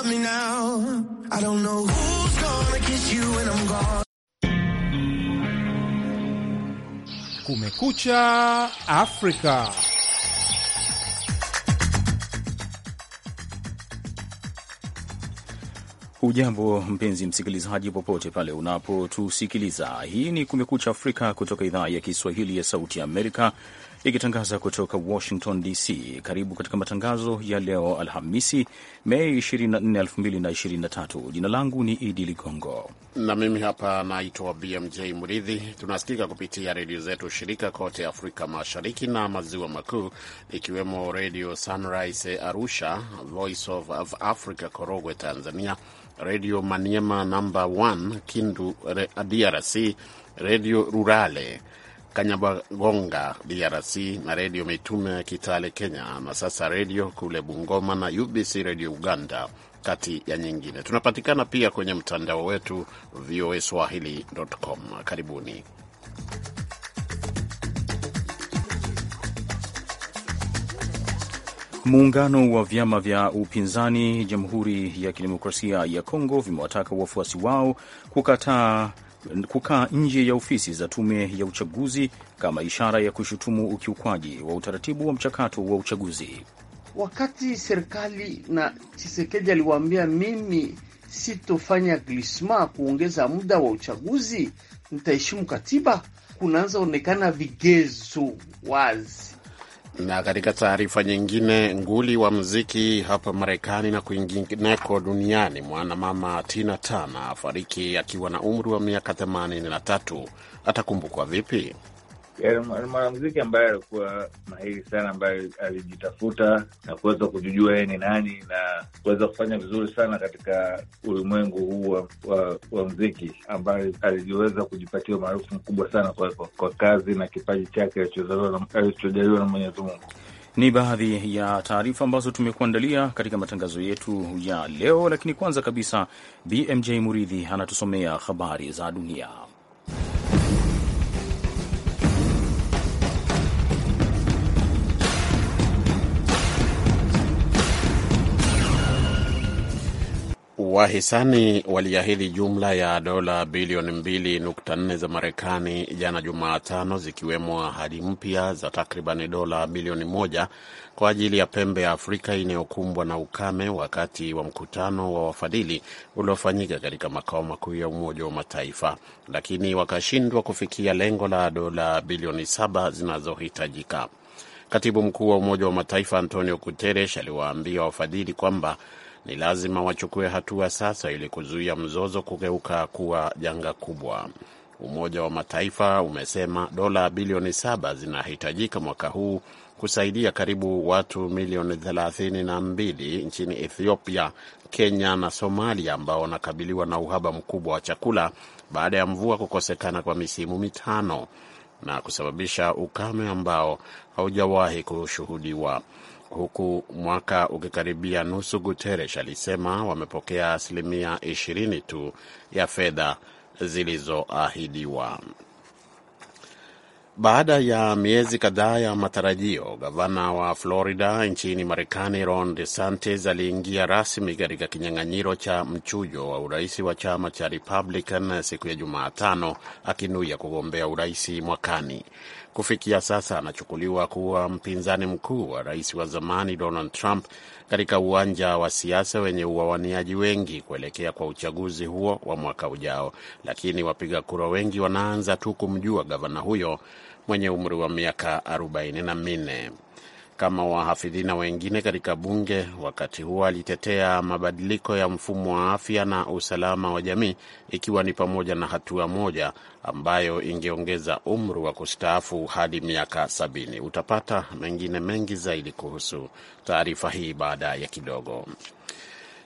love me now. I don't know who's gonna kiss you when I'm gone. Kumekucha Afrika. ujambo mpenzi msikilizaji, popote pale unapotusikiliza. Hii ni Kumekucha Afrika kutoka idhaa ya Kiswahili ya Sauti ya Amerika ikitangaza kutoka Washington DC. Karibu katika matangazo ya leo Alhamisi, Mei 24, 2023. Jina langu ni Idi Ligongo na mimi hapa naitwa BMJ Muridhi. Tunasikika kupitia redio zetu shirika kote Afrika Mashariki na Maziwa Makuu, ikiwemo Redio Sunrise Arusha, Voice of Africa Korogwe Tanzania, Redio Maniema namba 1 Kindu DRC, Redio Rurale Kanyabagonga DRC na Redio Mitume Kitale Kenya, Masasa Redio kule Bungoma na UBC Redio Uganda, kati ya nyingine. Tunapatikana pia kwenye mtandao wetu VOA Swahili.com. Karibuni. Muungano wa vyama vya upinzani Jamhuri ya Kidemokrasia ya Kongo vimewataka wafuasi wao kukataa kukaa nje ya ofisi za tume ya uchaguzi kama ishara ya kushutumu ukiukwaji wa utaratibu wa mchakato wa uchaguzi. Wakati serikali na Chisekedi aliwaambia mimi sitofanya glisma kuongeza muda wa uchaguzi, nitaheshimu katiba, kunaanza onekana vigezo wazi na katika taarifa nyingine, nguli wa muziki hapa Marekani na kwingineko duniani, mwanamama Tina Turner afariki akiwa na umri wa miaka 83. Atakumbukwa vipi? Era mwanamuziki ambaye alikuwa mahiri sana, ambaye alijitafuta na kuweza kujijua yeye ni nani na kuweza kufanya vizuri sana katika ulimwengu huu wa, wa, wa mziki, ambaye aliweza kujipatia umaarufu mkubwa sana kwa, kwa, kwa kazi na kipaji chake alichojaliwa na Mwenyezi Mungu. Ni baadhi ya taarifa ambazo tumekuandalia katika matangazo yetu ya leo, lakini kwanza kabisa BMJ Muridhi anatusomea habari za dunia. Wahisani waliahidi jumla ya dola bilioni 2.4 za Marekani jana Jumatano, zikiwemo ahadi mpya za takribani dola bilioni moja kwa ajili ya pembe ya Afrika inayokumbwa na ukame wakati wa mkutano wa wafadhili uliofanyika katika makao makuu ya Umoja wa Mataifa, lakini wakashindwa kufikia lengo la dola bilioni saba zinazohitajika. Katibu mkuu wa Umoja wa Mataifa Antonio Guterres aliwaambia wafadhili kwamba ni lazima wachukue hatua sasa ili kuzuia mzozo kugeuka kuwa janga kubwa. Umoja wa Mataifa umesema dola bilioni saba zinahitajika mwaka huu kusaidia karibu watu milioni thelathini na mbili nchini Ethiopia, Kenya na Somalia ambao wanakabiliwa na uhaba mkubwa wa chakula baada ya mvua kukosekana kwa misimu mitano na kusababisha ukame ambao haujawahi kushuhudiwa huku mwaka ukikaribia nusu, Guterres alisema wamepokea asilimia 20 tu ya fedha zilizoahidiwa. Baada ya miezi kadhaa ya matarajio, gavana wa Florida nchini Marekani Ron DeSantis aliingia rasmi katika kinyang'anyiro cha mchujo wa urais wa chama cha Republican siku ya Jumatano, akinuia kugombea urais mwakani kufikia sasa anachukuliwa kuwa mpinzani mkuu wa rais wa zamani Donald Trump katika uwanja wa siasa wenye uwawaniaji wengi kuelekea kwa uchaguzi huo wa mwaka ujao, lakini wapiga kura wengi wanaanza tu kumjua gavana huyo mwenye umri wa miaka arobaini na minne kama wahafidhina wengine katika bunge. Wakati huo alitetea mabadiliko ya mfumo wa afya na usalama wa jamii, ikiwa ni pamoja na hatua moja ambayo ingeongeza umri wa kustaafu hadi miaka sabini. Utapata mengine mengi zaidi kuhusu taarifa hii baada ya kidogo.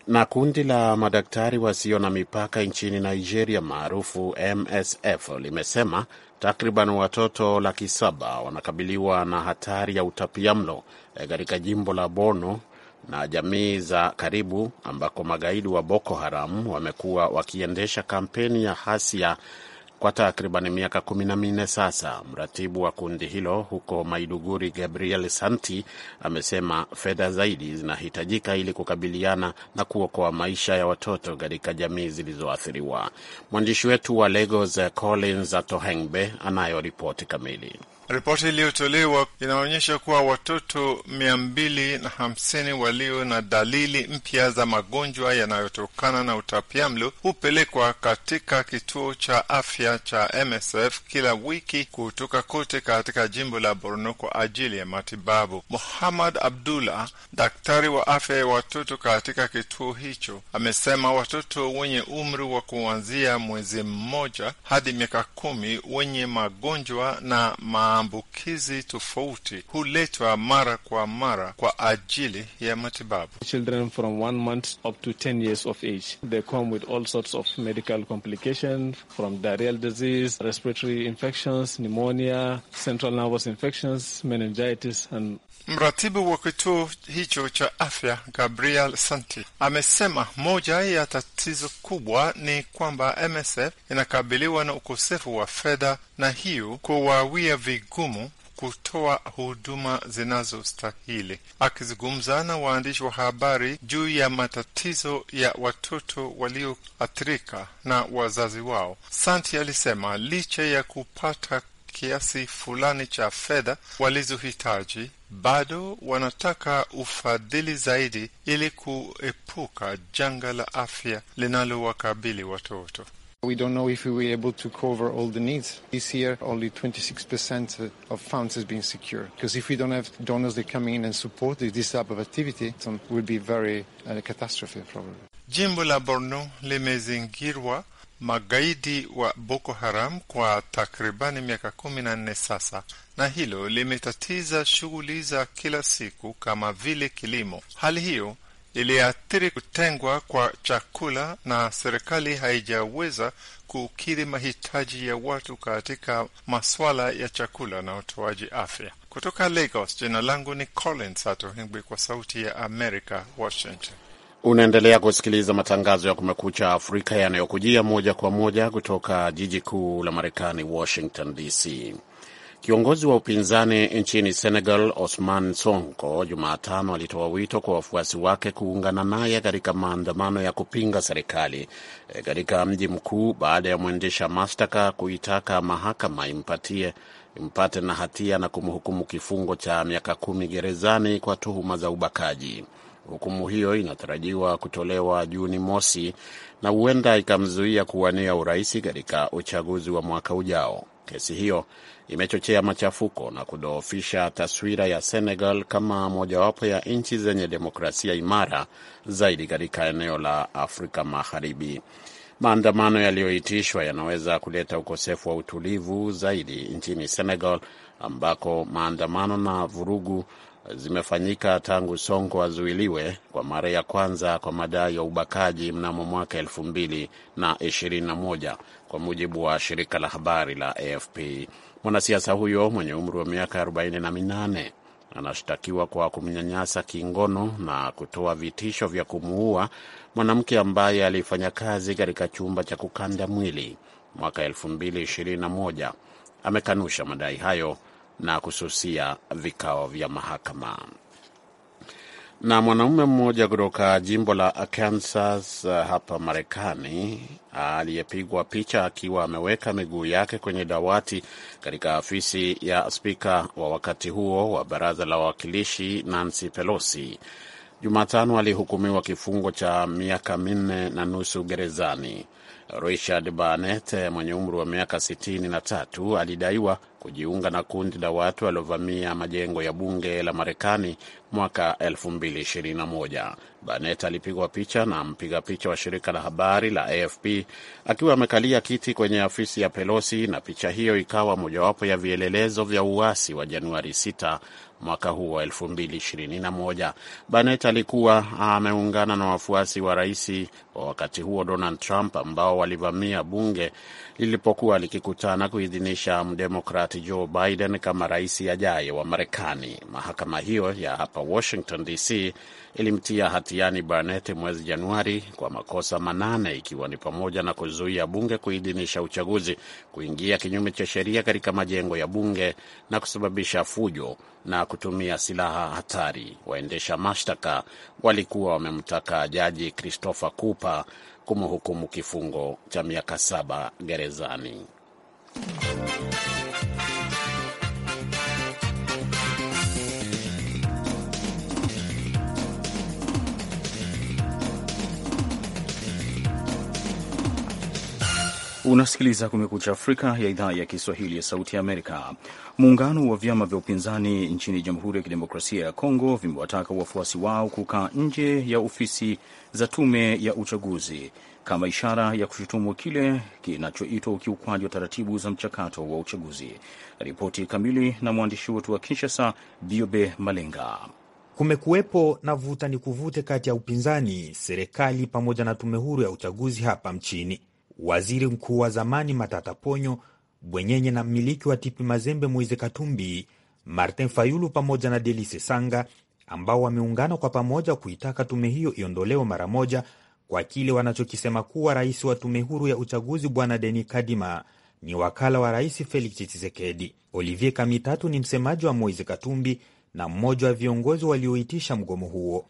Na kundi la madaktari wasio na mipaka nchini Nigeria maarufu MSF limesema Takriban watoto laki saba wanakabiliwa na hatari ya utapiamlo eh, katika jimbo la Borno na jamii za karibu ambako magaidi wa Boko Haram wamekuwa wakiendesha kampeni ya hasia kwa takriban miaka kumi na minne sasa. Mratibu wa kundi hilo huko Maiduguri, Gabriel Santi, amesema fedha zaidi zinahitajika ili kukabiliana na kuokoa maisha ya watoto katika jamii zilizoathiriwa. Mwandishi wetu wa Lagos, Collins Atohengbe, anayo ripoti kamili. Ripoti iliyotolewa inaonyesha kuwa watoto mia mbili na hamsini walio na dalili mpya za magonjwa yanayotokana na utapiamlo hupelekwa katika kituo cha afya cha MSF kila wiki kutoka kote katika jimbo la Borno kwa ajili ya matibabu. Muhammad Abdullah, daktari wa afya ya watoto katika kituo hicho, amesema watoto wenye umri wa kuanzia mwezi mmoja hadi miaka kumi wenye magonjwa na ma maambukizi tofauti huletwa mara kwa mara kwa ajili ya matibabu. Children from one month up to 10 years of age. They come with all sorts of medical complications from diarrheal disease, respiratory infections, pneumonia, central nervous infections, meningitis and Mratibu wa kituo hicho cha afya Gabriel Santi amesema moja ya tatizo kubwa ni kwamba MSF inakabiliwa na ukosefu wa fedha na hiyo kuwawia vigumu kutoa huduma zinazostahili. Akizungumza na waandishi wa habari juu ya matatizo ya watoto walioathirika na wazazi wao, Santi alisema licha ya kupata kiasi fulani cha fedha walizohitaji bado wanataka ufadhili zaidi ili kuepuka janga la afya linalowakabili watoto. We don't know if we were able to cover all the needs. This year, only 26% of funds has been secured. Because if we don't have donors that come in and support this type of activity, it will be very uh, catastrophe problem. Jimbo la Borno limezingirwa magaidi wa Boko Haram kwa takribani miaka kumi na nne sasa, na hilo limetatiza shughuli za kila siku kama vile kilimo. Hali hiyo iliathiri kutengwa kwa chakula na serikali haijaweza kukidhi mahitaji ya watu katika maswala ya chakula na utoaji afya. Kutoka Lagos, jina langu ni Collins Atohengwi, kwa Sauti ya Amerika, Washington. Unaendelea kusikiliza matangazo ya Kumekucha Afrika yanayokujia moja kwa moja kutoka jiji kuu la Marekani, Washington DC. Kiongozi wa upinzani nchini Senegal, Osman Sonko, Jumatano alitoa wito kwa wafuasi wake kuungana naye katika maandamano ya kupinga serikali eh, katika mji mkuu baada ya mwendesha mashtaka kuitaka mahakama impatie impate na hatia na kumhukumu kifungo cha miaka kumi gerezani kwa tuhuma za ubakaji. Hukumu hiyo inatarajiwa kutolewa Juni mosi na huenda ikamzuia kuwania urais katika uchaguzi wa mwaka ujao. Kesi hiyo imechochea machafuko na kudhoofisha taswira ya Senegal kama mojawapo ya nchi zenye demokrasia imara zaidi katika eneo la Afrika Magharibi. Maandamano yaliyoitishwa yanaweza kuleta ukosefu wa utulivu zaidi nchini Senegal, ambako maandamano na vurugu zimefanyika tangu Sonko azuiliwe kwa mara ya kwanza kwa madai ya ubakaji mnamo mwaka elfu mbili na ishirini na moja kwa mujibu wa shirika la habari la AFP. Mwanasiasa huyo mwenye umri wa miaka 48 anashtakiwa kwa kumnyanyasa kingono na kutoa vitisho vya kumuua mwanamke ambaye alifanya kazi katika chumba cha kukanda mwili mwaka moja. Amekanusha madai hayo na kususia vikao vya mahakama. Na mwanaume mmoja kutoka jimbo la Kansas uh, hapa Marekani aliyepigwa picha akiwa ameweka miguu yake kwenye dawati katika afisi ya spika wa wakati huo wa baraza la wawakilishi Nancy Pelosi Jumatano alihukumiwa kifungo cha miaka minne na nusu gerezani. Richard Barnett mwenye umri wa miaka sitini na tatu alidaiwa kujiunga na kundi la watu waliovamia majengo ya bunge la Marekani mwaka 2021. Banet alipigwa picha na mpiga picha wa shirika la habari la AFP akiwa amekalia kiti kwenye afisi ya Pelosi, na picha hiyo ikawa mojawapo ya vielelezo vya uasi wa Januari 6 mwaka huu wa 2021. Banet alikuwa ameungana na wafuasi wa rais wa wakati huo Donald Trump ambao walivamia bunge lilipokuwa likikutana kuidhinisha mdemokrat wakati Joe Biden kama rais ajaye wa Marekani. Mahakama hiyo ya hapa Washington DC ilimtia hatiani Barnett mwezi Januari kwa makosa manane ikiwa ni pamoja na kuzuia bunge kuidhinisha uchaguzi, kuingia kinyume cha sheria katika majengo ya bunge na kusababisha fujo na kutumia silaha hatari. Waendesha mashtaka walikuwa wamemtaka jaji Christopher Cooper kumhukumu kifungo cha miaka saba gerezani. Unasikiliza Kumekucha Afrika ya idhaa ya Kiswahili ya Sauti ya Amerika. Muungano wa vyama vya upinzani nchini Jamhuri ya Kidemokrasia ya Kongo vimewataka wafuasi wao kukaa nje ya ofisi za tume ya uchaguzi kama ishara ya kushutumu kile kinachoitwa ukiukwaji wa taratibu za mchakato wa uchaguzi. Ripoti kamili na mwandishi wetu wa Kinshasa, Biobe Malenga. Kumekuwepo na vuta ni kuvute kati ya upinzani, serikali pamoja na tume huru ya uchaguzi hapa mchini. Waziri mkuu wa zamani Matata Ponyo Bwenyenye na mmiliki wa Tipi Mazembe Moise Katumbi, Martin Fayulu pamoja na Delise Sanga ambao wameungana kwa pamoja kuitaka tume hiyo iondolewe mara moja kwa kile wanachokisema kuwa rais wa tume huru ya uchaguzi Bwana Denis Kadima ni wakala wa rais Felix Tshisekedi. Olivier Kamitatu ni msemaji wa Moise Katumbi na mmoja wa viongozi walioitisha mgomo huo.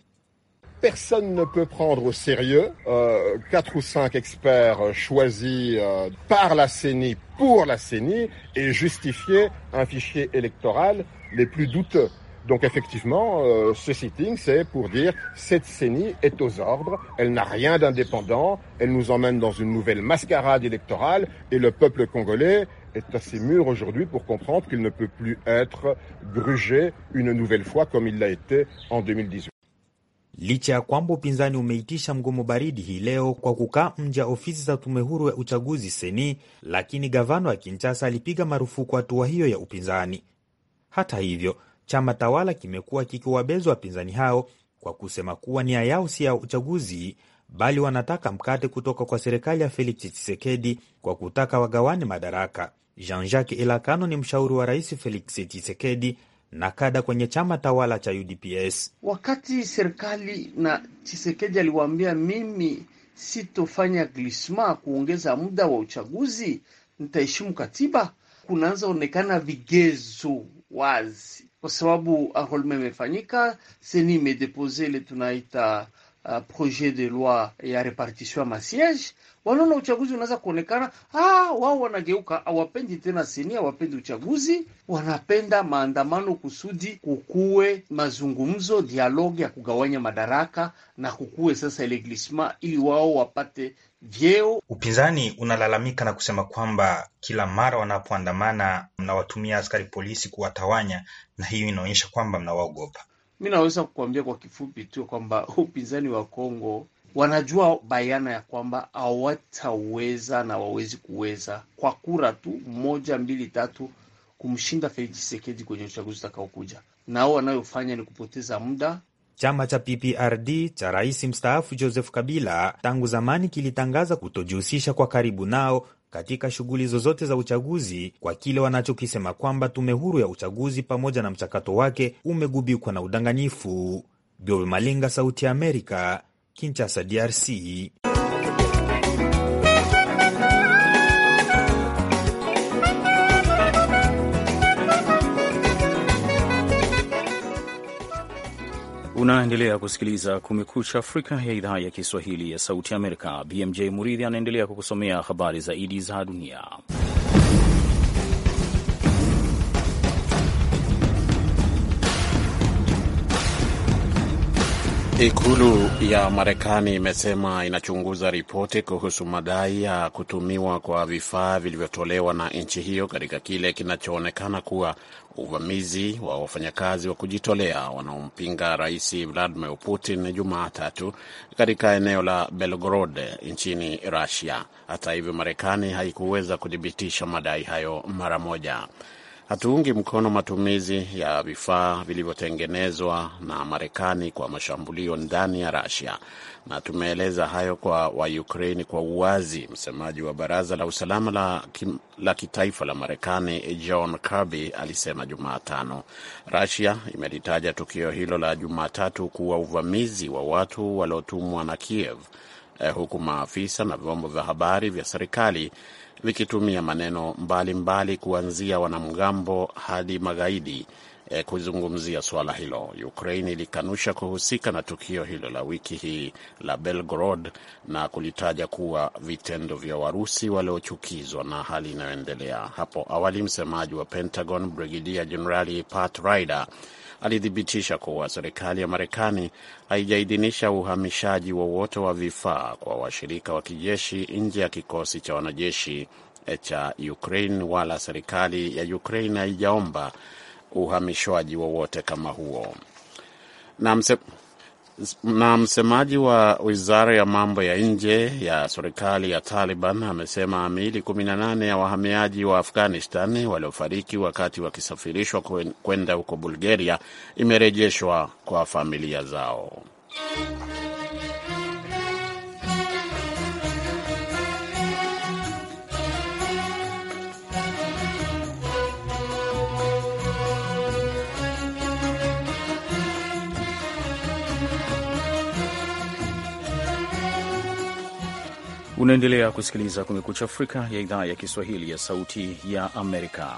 Personne ne peut prendre au sérieux euh, 4 ou cinq experts choisis euh, par la CENI pour la CENI et justifier un fichier électoral les plus douteux. Donc effectivement, euh, ce sitting, c'est pour dire cette CENI est aux ordres, elle n'a rien d'indépendant, elle nous emmène dans une nouvelle mascarade électorale et le peuple congolais est assez mûr aujourd'hui pour comprendre qu'il ne peut plus être grugé une nouvelle fois comme il l'a été en 2018. uchaguzi lakini marufuku ya chama tawala kimekuwa kikiwabezwa wapinzani hao kwa kusema kuwa nia yao si ya uchaguzi, bali wanataka mkate kutoka kwa serikali ya Felix Tshisekedi kwa kutaka wagawane madaraka. Jean-Jacques Elakano ni mshauri wa rais Felix Tshisekedi na kada kwenye chama tawala cha UDPS. Wakati serikali na Tshisekedi aliwaambia, mimi sitofanya glisma kuongeza muda wa uchaguzi, nitaheshimu katiba, kunaanza onekana vigezo wazi kwa sababu Holme imefanyika. Seni imedepose ile tunaita uh, projet de loi ya repartition ya masiege. Wanaona uchaguzi unaweza kuonekana, ah, wao wanageuka, hawapendi tena Seni, hawapendi uchaguzi, wanapenda maandamano kusudi kukuwe mazungumzo, dialogue ya kugawanya madaraka na kukuwe sasa ile glissement, ili wao wapate vyeo. Upinzani unalalamika na kusema kwamba kila mara wanapoandamana mnawatumia askari polisi kuwatawanya, na hiyo inaonyesha kwamba mnawaogopa. Mi naweza kukuambia kwa kifupi tu kwamba upinzani wa Kongo wanajua bayana ya kwamba hawataweza na wawezi kuweza kwa kura tu moja mbili tatu kumshinda Felix Tshisekedi kwenye uchaguzi utakaokuja. Nao wanayofanya ni kupoteza muda Chama cha PPRD cha rais mstaafu Joseph Kabila tangu zamani kilitangaza kutojihusisha kwa karibu nao katika shughuli zozote za uchaguzi kwa kile wanachokisema kwamba tume huru ya uchaguzi pamoja na mchakato wake umegubikwa na udanganyifu. Bob Sauti ya Amerika, DRC. Unaendelea kusikiliza Kumekucha Afrika ya idhaa ya Kiswahili ya Sauti Amerika. BMJ Muridhi anaendelea kukusomea habari zaidi za dunia. Ikulu ya Marekani imesema inachunguza ripoti kuhusu madai ya kutumiwa kwa vifaa vilivyotolewa na nchi hiyo katika kile kinachoonekana kuwa uvamizi wa wafanyakazi wa kujitolea wanaompinga Rais Vladimir Putin Jumatatu katika eneo la Belgorod nchini Russia. Hata hivyo, Marekani haikuweza kuthibitisha madai hayo mara moja hatuungi mkono matumizi ya vifaa vilivyotengenezwa na Marekani kwa mashambulio ndani ya Rasia, na tumeeleza hayo kwa Waukraini kwa uwazi. Msemaji wa baraza la usalama la, kim, la kitaifa la Marekani John Kirby alisema Jumatano Rasia imelitaja tukio hilo la Jumatatu kuwa uvamizi wa watu waliotumwa na Kiev, eh, huku maafisa na vyombo vya habari vya serikali vikitumia maneno mbalimbali mbali kuanzia wanamgambo hadi magaidi eh, kuzungumzia suala hilo. Ukraine ilikanusha kuhusika na tukio hilo la wiki hii la Belgorod na kulitaja kuwa vitendo vya Warusi waliochukizwa na hali inayoendelea. Hapo awali msemaji wa Pentagon Brigidia Jenerali Pat Ryder alithibitisha kuwa serikali ya Marekani haijaidhinisha uhamishaji wowote wa, wa vifaa kwa washirika wa kijeshi nje ya kikosi cha wanajeshi eh, cha Ukraine wala serikali ya Ukraine haijaomba uhamishwaji wowote kama huo na na msemaji wa wizara ya mambo ya nje ya serikali ya Taliban amesema miili 18 ya wahamiaji wa Afghanistan waliofariki wakati wakisafirishwa kwenda huko Bulgaria imerejeshwa kwa familia zao. Unaendelea kusikiliza Kumekucha Afrika ya idhaa ya Kiswahili ya Sauti ya Amerika.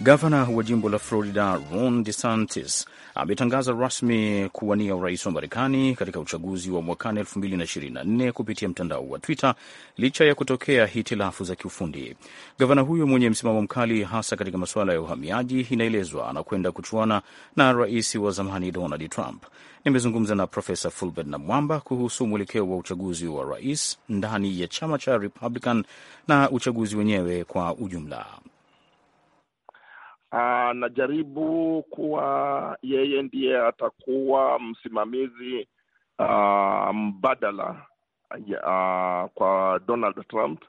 Gavana wa jimbo la Florida Ron DeSantis ametangaza rasmi kuwania urais wa Marekani katika uchaguzi wa mwakani 2024 kupitia mtandao wa Twitter licha ya kutokea hitilafu za kiufundi. Gavana huyo mwenye msimamo mkali hasa katika masuala ya uhamiaji, inaelezwa anakwenda kuchuana na rais wa zamani Donald Trump. Nimezungumza na Profesa Fulbert na Mwamba kuhusu mwelekeo wa uchaguzi wa rais ndani ya chama cha Republican na uchaguzi wenyewe kwa ujumla anajaribu kuwa yeye ndiye atakuwa msimamizi uh, mbadala uh, kwa Donald Trump,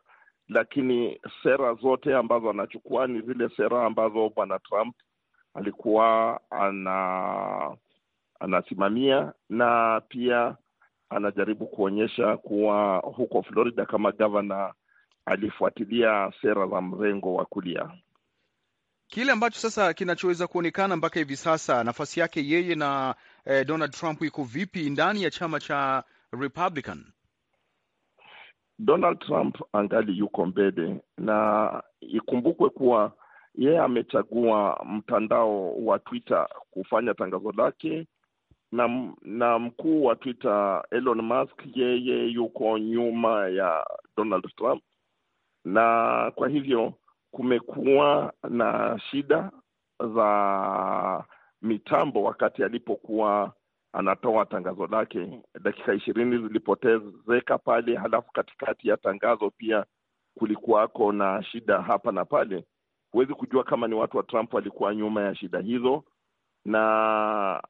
lakini sera zote ambazo anachukua ni zile sera ambazo bwana Trump alikuwa ana anasimamia na pia anajaribu kuonyesha kuwa huko Florida kama gavana alifuatilia sera za mrengo wa kulia. Kile ambacho sasa kinachoweza kuonekana mpaka hivi sasa, nafasi yake yeye na eh, Donald Trump iko vipi ndani ya chama cha Republican? Donald Trump angali yuko mbele, na ikumbukwe kuwa yeye amechagua mtandao wa Twitter kufanya tangazo lake na, na mkuu wa Twitter Elon Musk yeye yuko nyuma ya Donald Trump, na kwa hivyo kumekuwa na shida za mitambo wakati alipokuwa anatoa tangazo lake, dakika ishirini zilipotezeka pale, halafu katikati ya tangazo pia kulikuwako na shida hapa na pale. Huwezi kujua kama ni watu wa Trump walikuwa nyuma ya shida hizo, na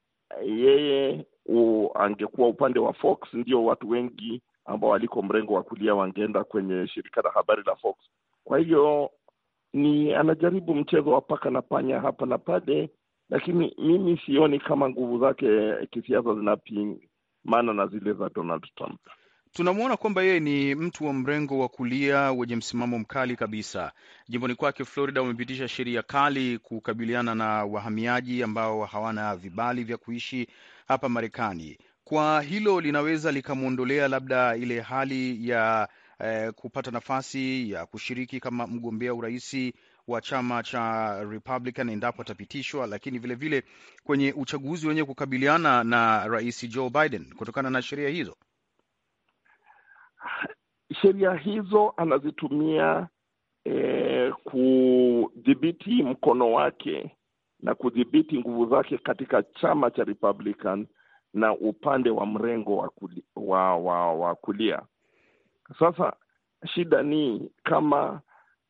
yeye u, angekuwa upande wa Fox, ndio watu wengi ambao waliko mrengo wa kulia wangeenda kwenye shirika la habari la Fox. Kwa hivyo ni anajaribu mchezo wa paka na panya hapa na pale, lakini mimi sioni kama nguvu zake kisiasa zinapimana na zile za Donald Trump. Tunamwona kwamba yeye ni mtu wa mrengo wa kulia wenye msimamo mkali kabisa. Jimboni kwake Florida wamepitisha sheria kali kukabiliana na wahamiaji ambao hawana vibali vya kuishi hapa Marekani. Kwa hilo linaweza likamwondolea labda ile hali ya eh, kupata nafasi ya kushiriki kama mgombea uraisi wa chama cha Republican endapo atapitishwa, lakini vilevile vile kwenye uchaguzi wenyewe kukabiliana na rais Joe Biden kutokana na sheria hizo. Sheria hizo anazitumia eh, kudhibiti mkono wake na kudhibiti nguvu zake katika chama cha Republican na upande wa mrengo wa kulia, wa, wa, wa kulia sasa shida ni kama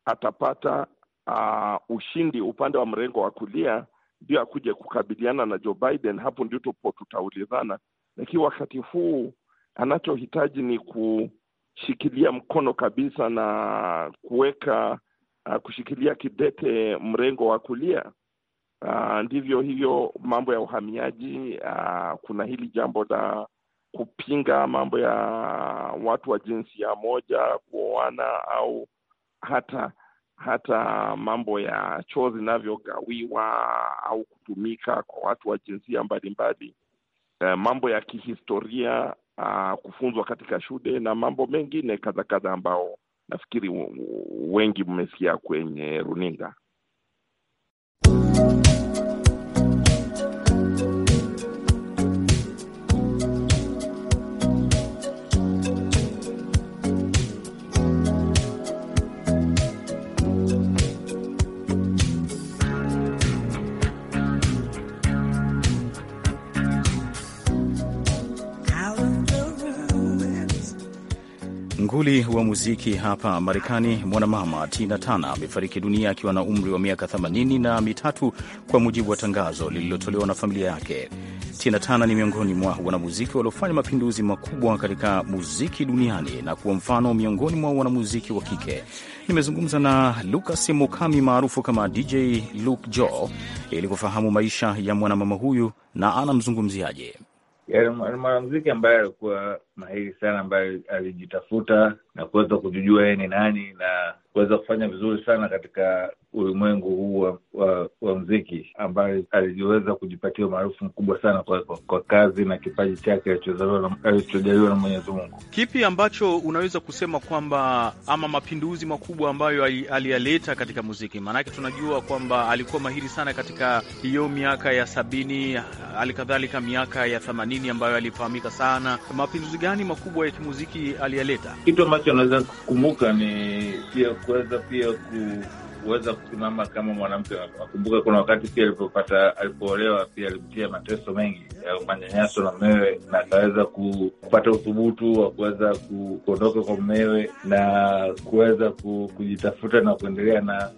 atapata uh, ushindi upande wa mrengo wa kulia ndio akuje kukabiliana na Joe Biden. Hapo ndio tupo tutaulizana, lakini wakati huu anachohitaji ni kushikilia mkono kabisa na kuweka uh, kushikilia kidete mrengo wa kulia uh, ndivyo hivyo mambo ya uhamiaji uh, kuna hili jambo la kupinga mambo ya watu wa jinsia moja kuoana au hata hata mambo ya choo zinavyogawiwa au kutumika kwa watu wa jinsia mbalimbali e, mambo ya kihistoria a, ah, kufunzwa katika shule na mambo mengine kadha kadha ambao nafikiri wengi mmesikia kwenye runinga wa muziki hapa Marekani, mwanamama Tina Tana amefariki dunia akiwa na umri wa miaka 80 na mitatu, kwa mujibu wa tangazo lililotolewa na familia yake. Tina Tana ni miongoni mwa wanamuziki waliofanya mapinduzi makubwa katika muziki duniani na kuwa mfano miongoni mwa wanamuziki wa kike. Nimezungumza na lukas Mukami maarufu kama DJ Luke jo ili kufahamu maisha ya mwanamama huyu na anamzungumziaje mwanamuziki ambaye alikuwa mahiri sana ambaye alijitafuta na kuweza kujijua yeye ni nani na kuweza kufanya vizuri sana katika ulimwengu huu wa, wa, wa mziki ambaye aliweza kujipatia umaarufu mkubwa sana kwa, kwa, kwa kazi na kipaji chake alichojaliwa na Mwenyezi Mungu. Kipi ambacho unaweza kusema kwamba ama mapinduzi makubwa ambayo aliyaleta katika muziki? Maanake tunajua kwamba alikuwa mahiri sana katika hiyo miaka ya sabini, hali kadhalika miaka ya themanini ambayo alifahamika sana. Mapinduzi gani gani makubwa ya kimuziki aliyaleta? Kitu ambacho anaweza kukumbuka ni pia kuweza pia ku kuweza kusimama kama mwanamke. Nakumbuka kuna wakati pia alipopata alipoolewa, pia alipitia mateso mengi ya manyanyaso na mmewe, na akaweza kupata uthubutu wa kuweza kuondoka kwa mmewe na kuweza kujitafuta na kuendelea na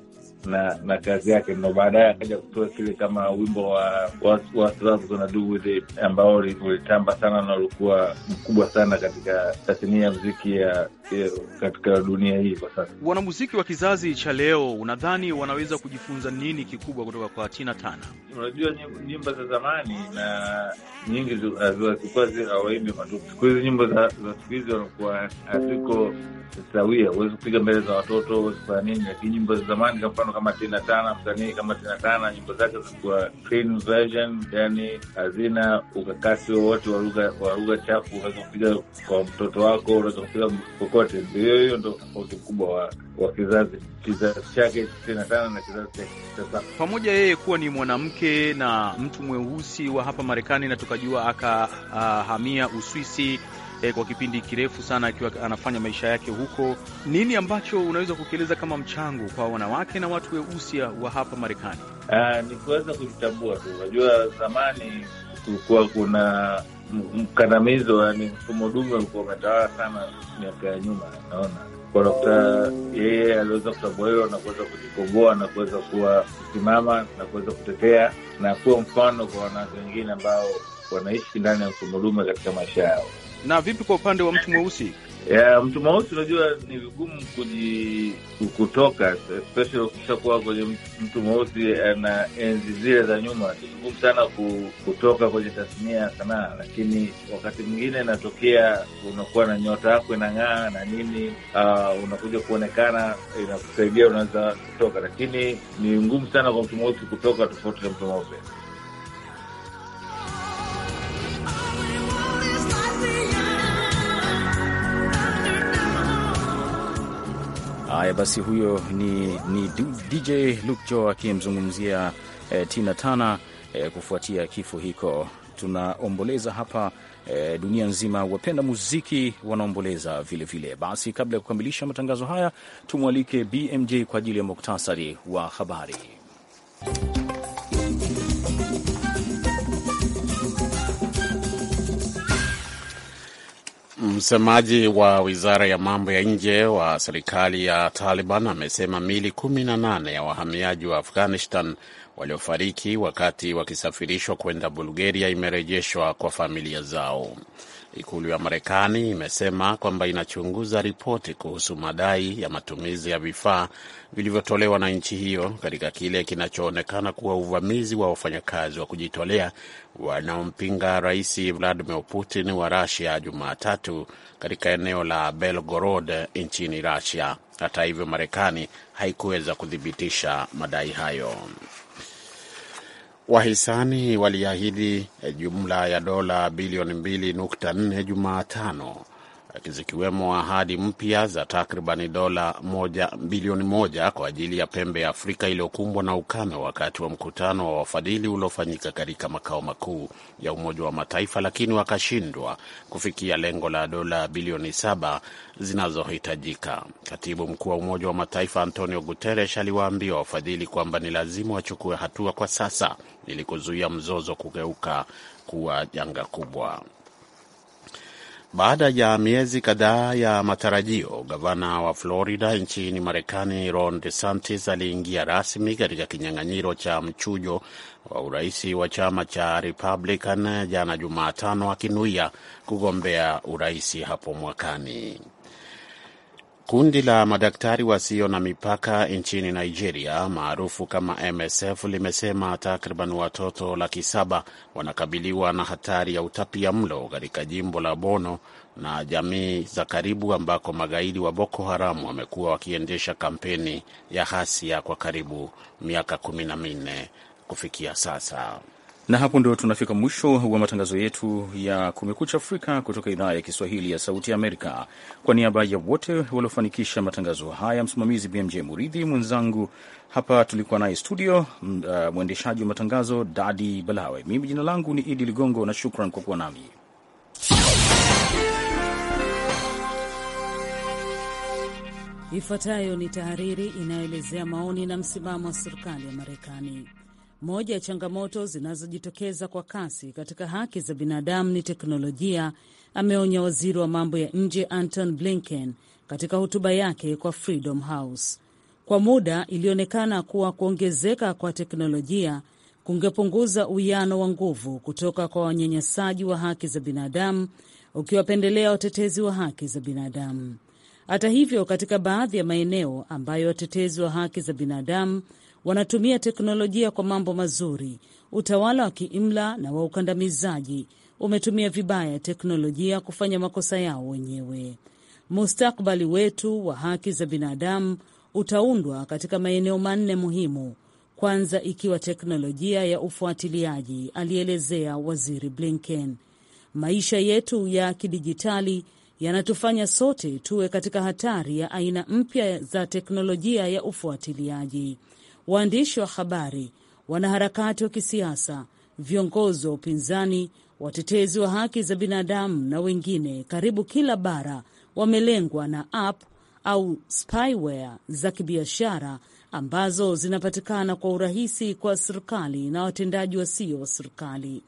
na na kazi yake, ndo baadaye akaja kutoa kile kama wimbo wa What Gonna Do With It ambao ulitamba sana na ulikuwa mkubwa sana katika tasnia ya muziki ya katika dunia hii kwa sasa. Wanamuziki wa kizazi cha leo, unadhani wanaweza kujifunza nini kikubwa kutoka kwa Tina Tana? Unajua, nyimbo za zamani na nyingi zilikuwa eh, hawaimbi matupu. Siku hizi nyimbo za siku hizi wanakuwa haziko sawia, huwezi kupiga mbele za watoto, huwezi kufanya nini, lakini nyimbo za zamani kwa mfano mfano kama Tina Tana, msanii kama Tina Tana, nyimbo zake zilikuwa clean version, yani hazina ukakasi wowote wa lugha wa lugha chafu. Unaweza kupiga kwa mtoto wako, unaweza kupiga kokote. Hiyo hiyo ndo tofauti kubwa wa, wa kizazi kizazi chake Tina Tana na kizazi chake sasa. Pamoja yeye kuwa ni mwanamke na mtu mweusi wa hapa Marekani, na tukajua akahamia ah, uh, Uswisi e, kwa kipindi kirefu sana akiwa anafanya maisha yake huko. Nini ambacho unaweza kukieleza kama mchango kwa wanawake na watu weusi wa hapa Marekani? Ah, ni kuweza kujitambua tu. Unajua zamani kulikuwa kuna mkandamizo, yani mfumo dume ulikuwa umetawala sana miaka ya nyuma, naona Dokta yeye aliweza kutambua hilo na kuweza kujikomboa na kuweza kuwa kusimama na kuweza kutetea na kuwa mfano kwa wanawake wengine ambao wanaishi ndani ya mfumo dume katika maisha yao. Na vipi kwa upande wa mtu mweusi? Yeah, mtu mweusi unajua ni vigumu kuji kutoka especially ukishakuwa kwenye mtu mweusi na enzi zile za nyuma, ni vigumu sana kutoka kwenye tasnia ya sanaa, lakini wakati mwingine inatokea unakuwa na nyota yako inang'aa na nini, uh, unakuja kuonekana, inakusaidia, unaweza kutoka, lakini ni ngumu sana kwa mtu mweusi kutoka tofauti na mtu mweupe. Eh, basi, huyo ni, ni DJ Luke Joe akimzungumzia e, Tina Tana e, eh, kufuatia kifo hiko. Tunaomboleza hapa e, dunia nzima, wapenda muziki wanaomboleza vilevile. Basi kabla ya kukamilisha matangazo haya, tumwalike BMJ kwa ajili ya muktasari wa habari. Msemaji wa wizara ya mambo ya nje wa serikali ya Taliban amesema mili kumi na nane ya wahamiaji wa Afghanistan waliofariki wakati wakisafirishwa kwenda Bulgaria imerejeshwa kwa familia zao. Ikulu ya Marekani imesema kwamba inachunguza ripoti kuhusu madai ya matumizi ya vifaa vilivyotolewa na nchi hiyo katika kile kinachoonekana kuwa uvamizi wa wafanyakazi wa kujitolea wanaompinga Rais Vladimir Putin wa Rusia Jumatatu katika eneo la Belgorod nchini Rusia. Hata hivyo, Marekani haikuweza kuthibitisha madai hayo. Wahisani waliahidi eh, jumla ya dola bilioni 2.4 Jumatano zikiwemo ahadi mpya za takribani dola moja bilioni moja kwa ajili ya pembe ya Afrika iliyokumbwa na ukame wakati wa mkutano wa wafadhili uliofanyika katika makao makuu ya Umoja wa Mataifa, lakini wakashindwa kufikia lengo la dola bilioni saba zinazohitajika. Katibu mkuu wa Umoja wa Mataifa Antonio Guterres aliwaambia wafadhili kwamba ni lazima wachukue hatua kwa sasa ili kuzuia mzozo kugeuka kuwa janga kubwa. Baada ya miezi kadhaa ya matarajio, gavana wa Florida nchini Marekani Ron DeSantis aliingia rasmi katika kinyang'anyiro cha mchujo wa urais wa chama cha Republican jana Jumatano, akinuia kugombea urais hapo mwakani. Kundi la madaktari wasio na mipaka nchini Nigeria maarufu kama MSF limesema takriban watoto laki saba wanakabiliwa na hatari ya utapia mlo katika jimbo la bono na jamii za karibu ambako magaidi wa Boko Haramu wamekuwa wakiendesha kampeni ya hasia kwa karibu miaka kumi na minne kufikia sasa. Na hapo ndio tunafika mwisho wa matangazo yetu ya Kumekucha Afrika kutoka idhaa ya Kiswahili ya Sauti ya Amerika. Kwa niaba ya wote waliofanikisha matangazo haya, msimamizi BMJ Muridhi, mwenzangu hapa tulikuwa naye studio, uh, mwendeshaji wa matangazo Dadi Balawe. Mimi jina langu ni Idi Ligongo na shukran kwa kuwa nami. Ifuatayo ni tahariri inayoelezea maoni na msimamo wa serikali ya Marekani. Moja ya changamoto zinazojitokeza kwa kasi katika haki za binadamu ni teknolojia, ameonya waziri wa mambo ya nje Anton Blinken katika hotuba yake kwa Freedom House. Kwa muda ilionekana kuwa kuongezeka kwa teknolojia kungepunguza uwiano wa nguvu kutoka kwa wanyanyasaji wa haki za binadamu ukiwapendelea watetezi wa haki za binadamu. Hata hivyo, katika baadhi ya maeneo ambayo watetezi wa haki za binadamu wanatumia teknolojia kwa mambo mazuri. Utawala wa kiimla na wa ukandamizaji umetumia vibaya teknolojia kufanya makosa yao wenyewe. Mustakbali wetu wa haki za binadamu utaundwa katika maeneo manne muhimu, kwanza ikiwa teknolojia ya ufuatiliaji, alielezea Waziri Blinken. Maisha yetu ya kidijitali yanatufanya sote tuwe katika hatari ya aina mpya za teknolojia ya ufuatiliaji waandishi wa habari, wanaharakati wa kisiasa, viongozi wa upinzani, watetezi wa haki za binadamu na wengine, karibu kila bara wamelengwa na app au spyware za kibiashara ambazo zinapatikana kwa urahisi kwa serikali na watendaji wasio wa serikali.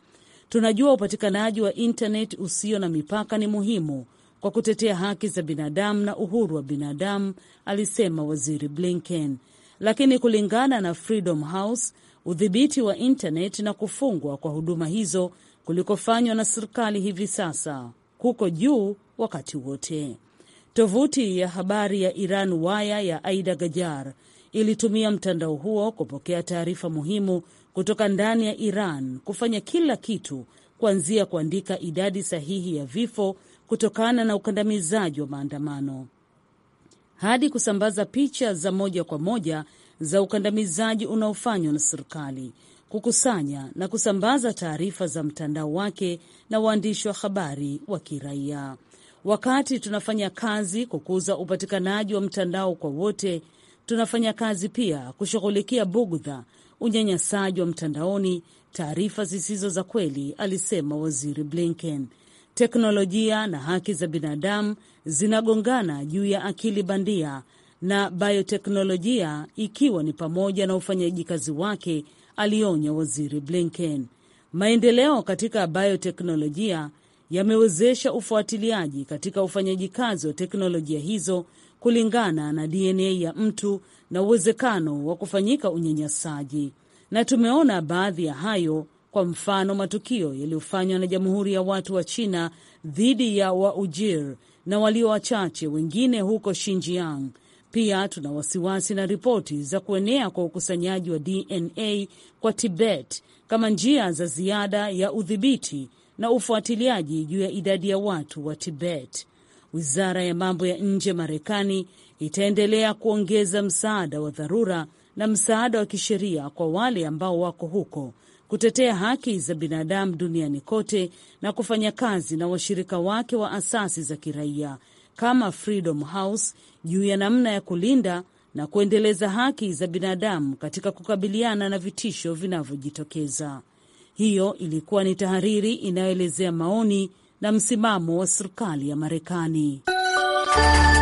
Tunajua upatikanaji wa intnet usio na mipaka ni muhimu kwa kutetea haki za binadamu na uhuru wa binadamu, alisema Waziri Blinken lakini kulingana na Freedom House, udhibiti wa intaneti na kufungwa kwa huduma hizo kulikofanywa na serikali hivi sasa kuko juu wakati wote. Tovuti ya habari ya Iran Waya ya Aida Gajar ilitumia mtandao huo kupokea taarifa muhimu kutoka ndani ya Iran, kufanya kila kitu kuanzia kuandika idadi sahihi ya vifo kutokana na ukandamizaji wa maandamano hadi kusambaza picha za moja kwa moja za ukandamizaji unaofanywa na serikali, kukusanya na kusambaza taarifa za mtandao wake na waandishi wa habari wa kiraia. Wakati tunafanya kazi kukuza upatikanaji wa mtandao kwa wote, tunafanya kazi pia kushughulikia bugdha, unyanyasaji wa mtandaoni, taarifa zisizo za kweli, alisema Waziri Blinken teknolojia na haki za binadamu zinagongana juu ya akili bandia na bayoteknolojia, ikiwa ni pamoja na ufanyaji kazi wake, alionya Waziri Blinken. Maendeleo katika bayoteknolojia yamewezesha ufuatiliaji katika ufanyaji kazi wa teknolojia hizo kulingana na DNA ya mtu na uwezekano wa kufanyika unyanyasaji, na tumeona baadhi ya hayo kwa mfano, matukio yaliyofanywa na Jamhuri ya Watu wa China dhidi ya Waujir na walio wachache wengine huko Xinjiang. Pia tuna wasiwasi na ripoti za kuenea kwa ukusanyaji wa DNA kwa Tibet kama njia za ziada ya udhibiti na ufuatiliaji juu ya idadi ya watu wa Tibet. Wizara ya mambo ya nje Marekani itaendelea kuongeza msaada wa dharura na msaada wa kisheria kwa wale ambao wako huko kutetea haki za binadamu duniani kote na kufanya kazi na washirika wake wa asasi za kiraia kama Freedom House juu ya namna ya kulinda na kuendeleza haki za binadamu katika kukabiliana na vitisho vinavyojitokeza. Hiyo ilikuwa ni tahariri inayoelezea maoni na msimamo wa serikali ya Marekani.